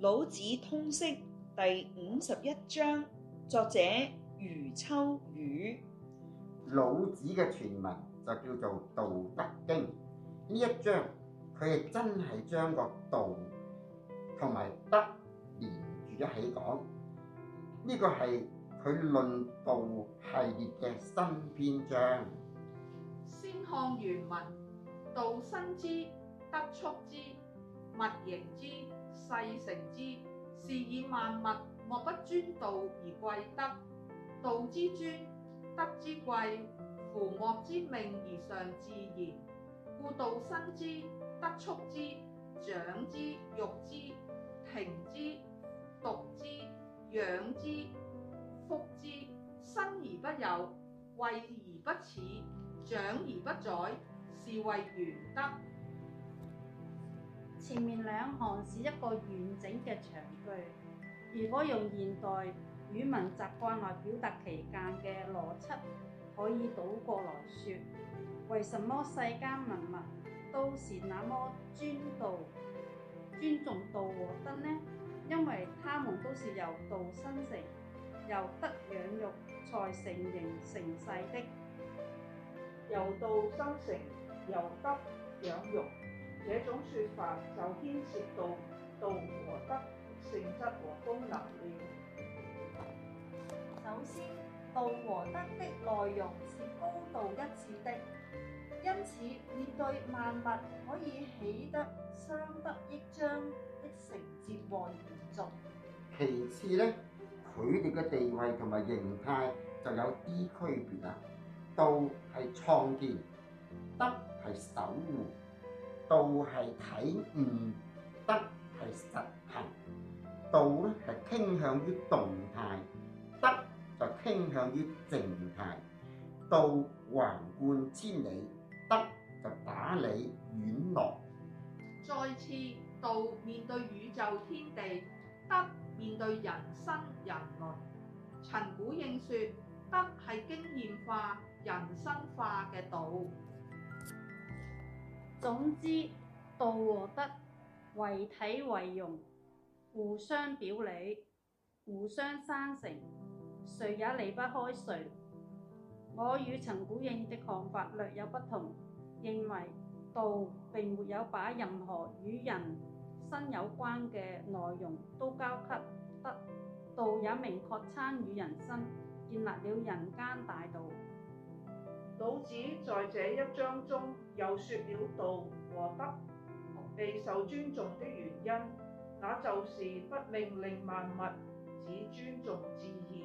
老子通釋第五十一章，作者余秋雨。老子嘅全文就叫做《道德經》。呢一章佢係真係將個道同埋德連住一起講。呢、這個係佢論道系列嘅新篇章。先看原文：道生之，德畜之。物形之，勢成之，是以萬物莫不尊道而貴德。道之尊，德之貴，夫莫之命而常自然。故道生之，德畜之，長之，育之，亭之，獨之，養之，覆之。生而不有，為而不恃，長而不宰，是謂玄德。前面兩行是一個完整嘅長句，如果用現代語文習慣來表達其間嘅邏輯，可以倒過來說：為什麼世間文物都是那麼尊道、尊重道和德呢？因為他們都是由道生成，由德養育才成形成勢的。由道生成，由德養育。這種說法就牽涉到道和德、性質和功能了。首先，道和德的內容是高度一致的，因此面對萬物可以起得相得益彰的承接和延續。其次咧，佢哋嘅地位同埋形態就有啲區別啦。道係創建，德係不守護。道係體悟，德係實行。道咧係傾向於動態，德就傾向於靜態。道橫貫千里，德就打理遠落。再次，道面對宇宙天地，德面對人生人倫。陳鼓應說：德係經驗化、人生化嘅道。總之，道和德為體為用，互相表裡，互相生成，誰也離不開誰。我與陳鼓應的看法略有不同，認為道並沒有把任何與人生有關嘅內容都交給德，道也明確參與人生，建立了人間大道。老子在這一章中又說了道和德未受尊重的原因，那就是不命令萬物，只尊重自然。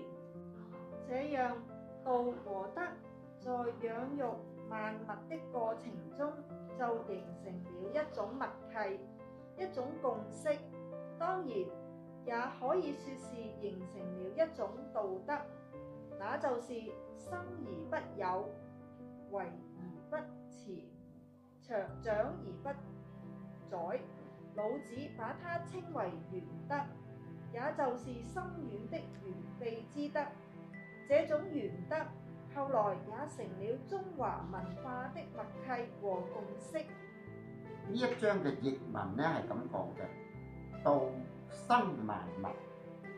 這樣道和德在養育萬物的過程中就形成了一種默契，一種共識，當然也可以說是形成了一種道德，那就是生而不有。為而不恃，長長而不宰。老子把它稱為玄德，也就是深遠的玄秘之德。這種玄德後來也成了中華文化的默契和共識。呢一章嘅譯文呢，係咁講嘅：道生萬物，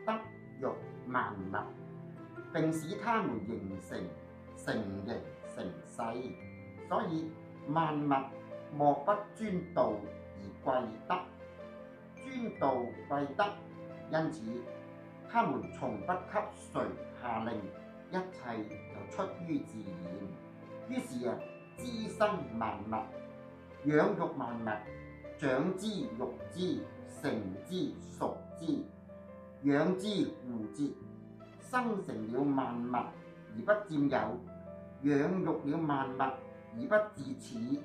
德育萬物，並使他們形成成形。成世，所以萬物莫不尊道而貴德，尊道貴德，因此他們從不給誰下令，一切就出於自然。於是啊，滋生萬物，養育萬物，長之育之，成之熟之，養之護之，生成了萬物而不佔有。養育了萬物而不自恃，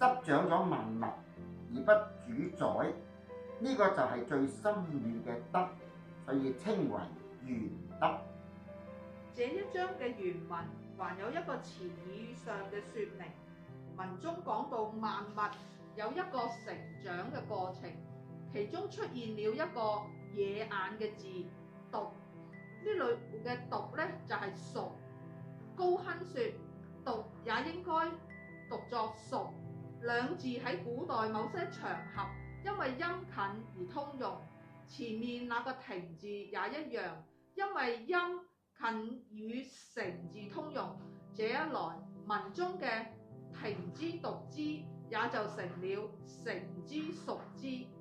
執掌咗萬物而不主宰，呢、這個就係最深遠嘅德，所以稱為玄德。這一章嘅原文還有一個詞語上嘅說明，文中講到萬物有一個成長嘅過程，其中出現了一個野眼嘅字，毒呢類嘅讀咧就係熟。高亨說：讀也應該讀作熟。兩字喺古代某些場合，因為音近而通用。前面那個停字也一樣，因為音近與成字通用。這一來，文中嘅停之讀之，也就成了成之熟之。